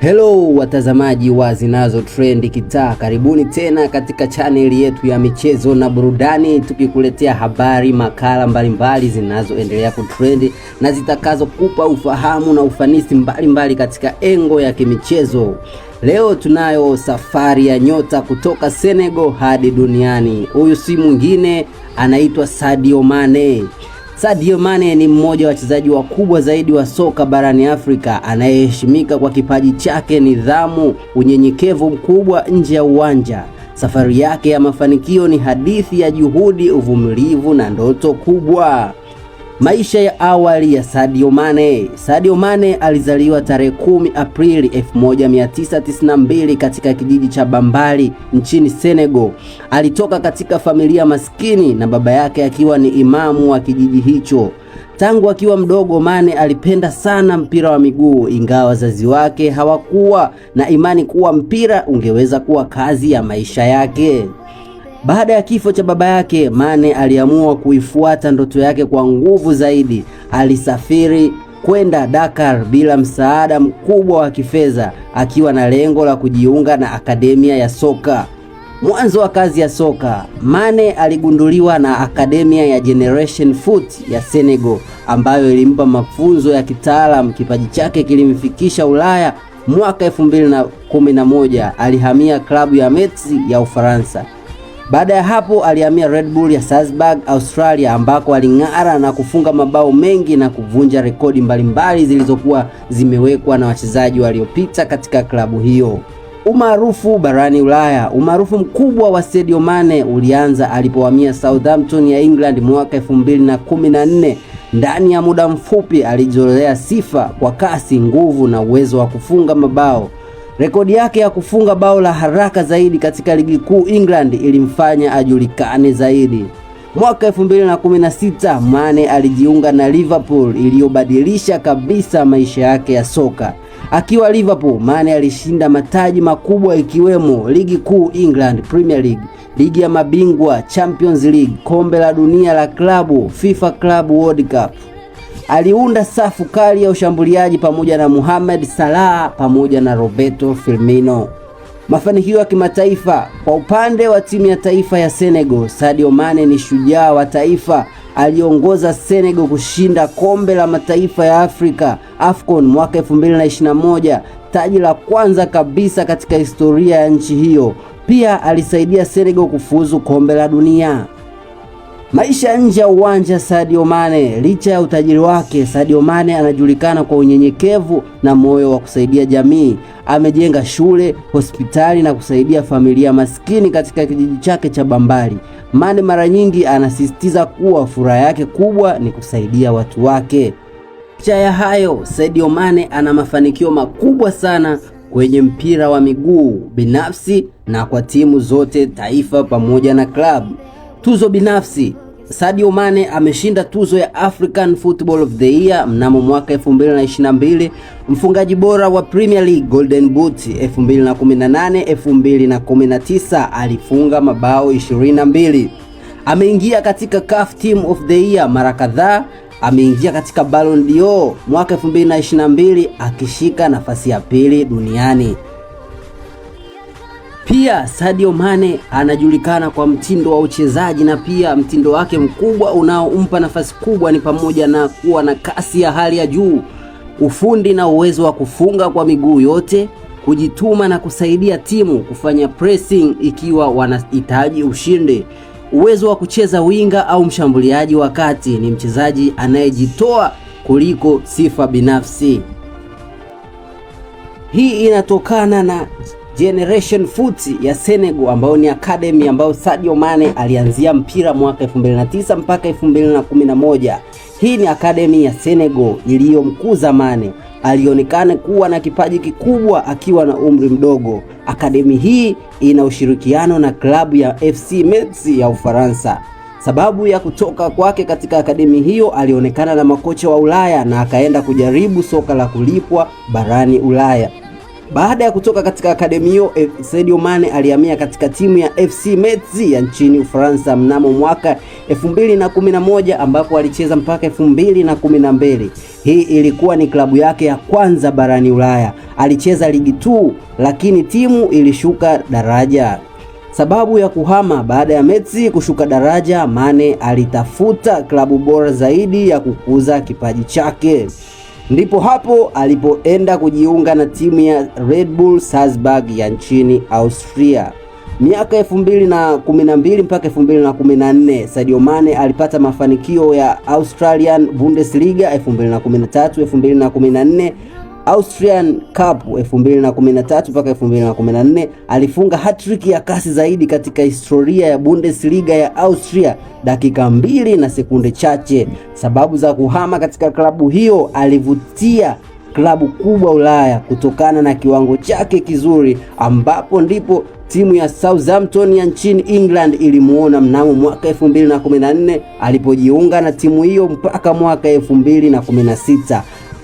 Hello watazamaji wa Zinazo Trend Kitaa, karibuni tena katika chaneli yetu ya michezo na burudani, tukikuletea habari, makala mbalimbali zinazoendelea kutrend na zitakazokupa ufahamu na ufanisi mbalimbali mbali katika engo ya kimichezo. Leo tunayo safari ya nyota kutoka Senegal hadi duniani. Huyu si mwingine, anaitwa Sadio Mane. Sadio Mane ni mmoja wa wachezaji wakubwa zaidi wa soka barani Afrika anayeheshimika kwa kipaji chake, nidhamu, unyenyekevu mkubwa nje ya uwanja. Safari yake ya mafanikio ni hadithi ya juhudi, uvumilivu na ndoto kubwa. Maisha ya awali ya Sadio Mane. Sadio Mane alizaliwa tarehe 10 Aprili 1992 katika kijiji cha Bambali nchini Senegal. Alitoka katika familia maskini na baba yake akiwa ni imamu wa kijiji hicho. Tangu akiwa mdogo, Mane alipenda sana mpira wa miguu, ingawa wazazi wake hawakuwa na imani kuwa mpira ungeweza kuwa kazi ya maisha yake. Baada ya kifo cha baba yake, Mane aliamua kuifuata ndoto yake kwa nguvu zaidi. Alisafiri kwenda Dakar bila msaada mkubwa wa kifedha, akiwa na lengo la kujiunga na akademia ya soka. Mwanzo wa kazi ya soka, Mane aligunduliwa na akademia ya Generation Foot ya Senegal ambayo ilimpa mafunzo ya kitaalamu. Kipaji chake kilimfikisha Ulaya. Mwaka 2011 alihamia klabu ya Metz ya Ufaransa. Baada ya hapo alihamia Red Bull ya Salzburg, Australia ambako aling'ara na kufunga mabao mengi na kuvunja rekodi mbalimbali zilizokuwa zimewekwa na wachezaji waliopita katika klabu hiyo. Umaarufu barani Ulaya. Umaarufu mkubwa wa Sadio Mane ulianza alipohamia Southampton ya England mwaka 2014. Ndani ya muda mfupi alijizolea sifa kwa kasi, nguvu na uwezo wa kufunga mabao. Rekodi yake ya kufunga bao la haraka zaidi katika ligi kuu England ilimfanya ajulikane zaidi. Mwaka 2016 Mane alijiunga na Liverpool iliyobadilisha kabisa maisha yake ya soka. Akiwa Liverpool, Mane alishinda mataji makubwa ikiwemo ligi kuu England Premier League, ligi ya mabingwa Champions League, kombe la dunia la klabu, FIFA Club World Cup aliunda safu kali ya ushambuliaji pamoja na Mohamed Salah pamoja na Roberto Firmino. Mafanikio ya kimataifa. Kwa upande wa timu ya taifa ya Senegal, Sadio Mane ni shujaa wa taifa. Aliongoza Senegal kushinda kombe la mataifa ya Afrika AFCON mwaka 2021, taji la kwanza kabisa katika historia ya nchi hiyo. Pia alisaidia Senegal kufuzu kombe la dunia. Maisha nje ya uwanja. Sadio Mane, licha ya utajiri wake, Sadio Mane anajulikana kwa unyenyekevu na moyo wa kusaidia jamii. Amejenga shule, hospitali na kusaidia familia maskini katika kijiji chake cha Bambali. Mane mara nyingi anasisitiza kuwa furaha yake kubwa ni kusaidia watu wake. Licha ya hayo, Sadio Mane ana mafanikio makubwa sana kwenye mpira wa miguu binafsi na kwa timu zote taifa pamoja na klabu. Tuzo binafsi Sadio Mane ameshinda tuzo ya African Football of the Year mnamo mwaka 2022, mfungaji bora wa Premier League Golden Boot 2018 2019, alifunga mabao 22. Ameingia katika CAF Team of the Year mara kadhaa. Ameingia katika Ballon d'Or mwaka 2022 akishika nafasi ya pili duniani. Pia Sadio Mane anajulikana kwa mtindo wa uchezaji na pia mtindo wake mkubwa unaompa nafasi kubwa ni pamoja na kuwa na kasi ya hali ya juu, ufundi na uwezo wa kufunga kwa miguu yote, kujituma na kusaidia timu kufanya pressing ikiwa wanahitaji ushindi. Uwezo wa kucheza winga au mshambuliaji wa kati, ni mchezaji anayejitoa kuliko sifa binafsi. Hii inatokana na Generation Foot ya Senegal ambayo ni academy ambayo Sadio Mane alianzia mpira mwaka 2009 mpaka 2011. Hii ni academy ya Senegal iliyomkuza Mane. Alionekana kuwa na kipaji kikubwa akiwa na umri mdogo. Akademi hii ina ushirikiano na klabu ya FC Metz ya Ufaransa. Sababu ya kutoka kwake katika akademi hiyo, alionekana na makocha wa Ulaya na akaenda kujaribu soka la kulipwa barani Ulaya. Baada ya kutoka katika akademi hiyo, Sadio Mane alihamia katika timu ya FC Metz ya nchini Ufaransa mnamo mwaka 2011 ambapo alicheza mpaka 2012. Hii ilikuwa ni klabu yake ya kwanza barani Ulaya. Alicheza ligi tu, lakini timu ilishuka daraja. Sababu ya kuhama baada ya Metsi kushuka daraja, Mane alitafuta klabu bora zaidi ya kukuza kipaji chake. Ndipo hapo alipoenda kujiunga na timu ya Red Bull Salzburg ya nchini Austria. Miaka 2012 mpaka 2014, Sadio Mane alipata mafanikio ya Australian Bundesliga 2013, 2014 Austrian Cup 2013 mpaka 2014 alifunga hat-trick ya kasi zaidi katika historia ya Bundesliga ya Austria dakika mbili na sekunde chache. Sababu za kuhama katika klabu hiyo, alivutia klabu kubwa Ulaya kutokana na kiwango chake kizuri, ambapo ndipo timu ya Southampton ya nchini England ilimuona mnamo mwaka 2014 alipojiunga na timu hiyo mpaka mwaka 2016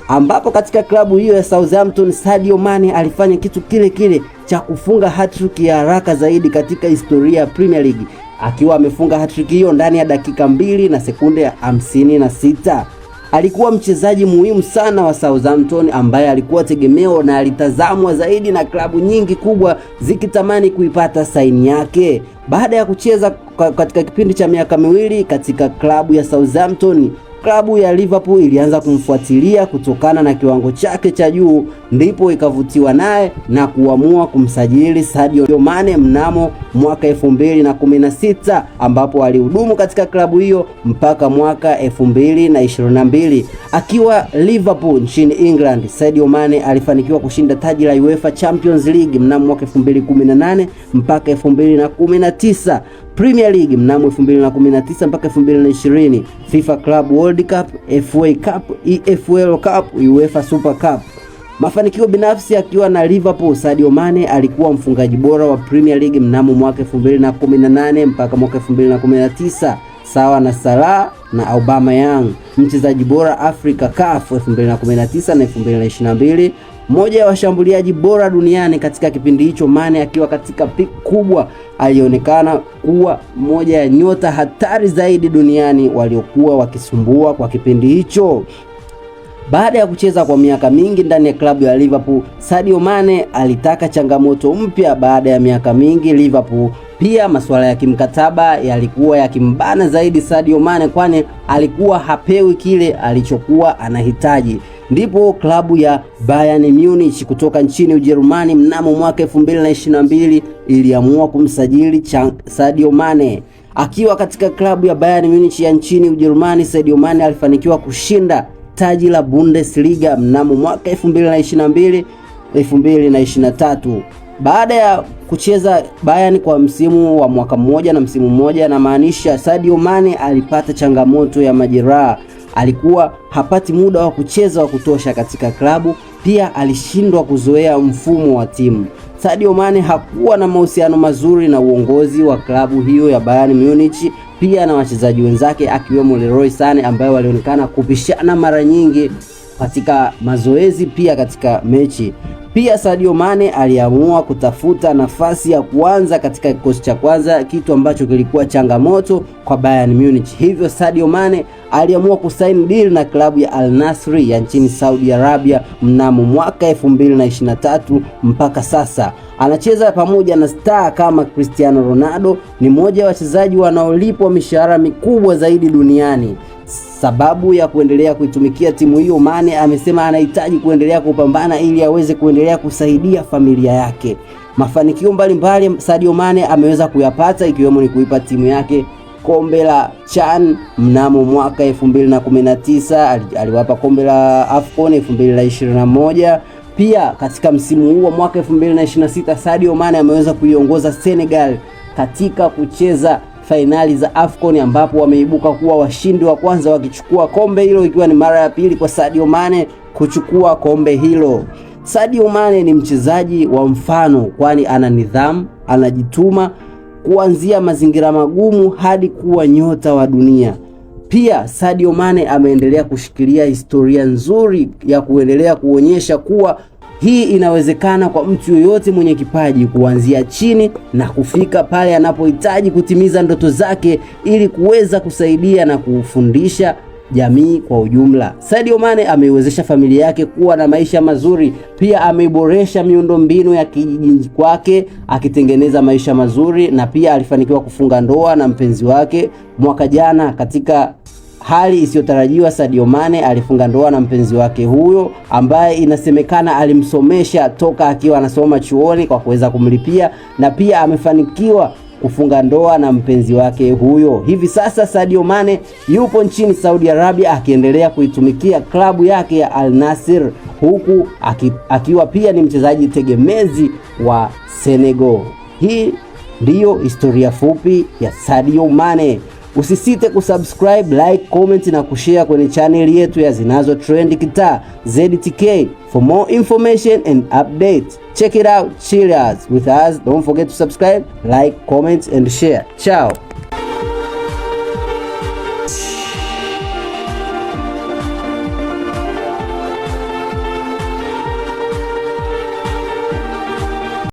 ambapo katika klabu hiyo ya Southampton Sadio Mane alifanya kitu kile kile cha kufunga hat-trick ya haraka zaidi katika historia ya Premier League akiwa amefunga hat-trick hiyo ndani ya dakika mbili na sekunde hamsini na sita. Alikuwa mchezaji muhimu sana wa Southampton ambaye alikuwa tegemeo na alitazamwa zaidi na klabu nyingi kubwa zikitamani kuipata saini yake. Baada ya kucheza katika kipindi cha miaka miwili katika klabu ya Southampton, klabu ya Liverpool ilianza kumfuatilia kutokana na kiwango chake cha juu, ndipo ikavutiwa naye na kuamua kumsajili Sadio Mane mnamo mwaka 2016 ambapo alihudumu katika klabu hiyo mpaka mwaka 2022. Akiwa Liverpool nchini England, Sadio Mane alifanikiwa kushinda taji la UEFA Champions League mnamo mwaka 2018 mpaka 2019, Premier League mnamo 2019 mpaka 2020 FIFA Club World Cup, FA Cup, EFL Cup, UEFA Super Cup. Mafanikio binafsi akiwa na Liverpool, Sadio Mane alikuwa mfungaji bora wa Premier League mnamo mwaka 2018 mpaka mwaka 2019 sawa na Salah na Aubameyang. Mchezaji bora Afrika CAF 2019 na 2022 mmoja ya washambuliaji bora duniani katika kipindi hicho. Mane akiwa katika peak kubwa, alionekana kuwa mmoja ya nyota hatari zaidi duniani waliokuwa wakisumbua kwa kipindi hicho. Baada ya kucheza kwa miaka mingi ndani ya klabu ya Liverpool, Sadio Mane alitaka changamoto mpya baada ya miaka mingi Liverpool. Pia masuala ya kimkataba yalikuwa yakimbana zaidi Sadio Mane, kwani alikuwa hapewi kile alichokuwa anahitaji ndipo klabu ya Bayern Munich kutoka nchini Ujerumani mnamo mwaka 2022 iliamua kumsajili Sadio Mane. Akiwa katika klabu ya Bayern Munich ya nchini Ujerumani, Sadio Mane alifanikiwa kushinda taji la Bundesliga mnamo mwaka 2022 2023. Baada ya kucheza Bayern kwa msimu wa mwaka mmoja na msimu mmoja, namaanisha Sadio Mane alipata changamoto ya majeraha alikuwa hapati muda wa kucheza wa kutosha katika klabu. Pia alishindwa kuzoea mfumo wa timu. Sadio Mane hakuwa na mahusiano mazuri na uongozi wa klabu hiyo ya Bayern Munich, pia na wachezaji wenzake akiwemo Leroy Sane ambaye walionekana kupishana mara nyingi katika mazoezi, pia katika mechi. Pia Sadio Mane aliamua kutafuta nafasi ya kuanza katika kikosi cha kwanza, kitu ambacho kilikuwa changamoto kwa Bayern Munich. Hivyo Sadio Mane aliamua kusaini deal na klabu ya Al Nassr ya nchini Saudi Arabia mnamo mwaka 2023 mpaka sasa anacheza pamoja na star kama Cristiano Ronaldo. Ni mmoja wa wachezaji wanaolipwa mishahara mikubwa zaidi duniani sababu ya kuendelea kuitumikia timu hiyo, Mane amesema anahitaji kuendelea kupambana ili aweze kuendelea kusaidia familia yake. Mafanikio mbalimbali Sadio Mane ameweza kuyapata ikiwemo ni kuipa timu yake kombe la CHAN mnamo mwaka 2019, aliwapa kombe la AFCON 2021. Pia katika msimu huu wa mwaka 2026 Sadio Mane ameweza kuiongoza Senegal katika kucheza fainali za AFCON ambapo wameibuka kuwa washindi wa kwanza wakichukua kombe hilo, ikiwa ni mara ya pili kwa Sadio Mane kuchukua kombe hilo. Sadio Mane ni mchezaji wa mfano, kwani ana nidhamu, anajituma kuanzia mazingira magumu hadi kuwa nyota wa dunia. Pia Sadio Mane ameendelea kushikilia historia nzuri ya kuendelea kuonyesha kuwa hii inawezekana kwa mtu yoyote mwenye kipaji kuanzia chini na kufika pale anapohitaji kutimiza ndoto zake ili kuweza kusaidia na kufundisha jamii kwa ujumla. Sadio Mane ameiwezesha familia yake kuwa na maisha mazuri, pia ameiboresha miundombinu ya kijiji kwake akitengeneza maisha mazuri, na pia alifanikiwa kufunga ndoa na mpenzi wake mwaka jana katika Hali isiyotarajiwa, Sadio Mane alifunga ndoa na mpenzi wake huyo ambaye inasemekana alimsomesha toka akiwa anasoma chuoni kwa kuweza kumlipia na pia amefanikiwa kufunga ndoa na mpenzi wake huyo. Hivi sasa Sadio Mane yupo nchini Saudi Arabia akiendelea kuitumikia klabu yake ya Al Nassr huku aki, akiwa pia ni mchezaji tegemezi wa Senegal. Hii ndiyo historia fupi ya Sadio Mane. Usisite kusubscribe, like, comment na kushare kwenye chaneli yetu ya Zinazo Trend Kitaa ZTK. For more information and updates, check it out. Cheers with us. Don't forget to subscribe, like, comment and share. Ciao.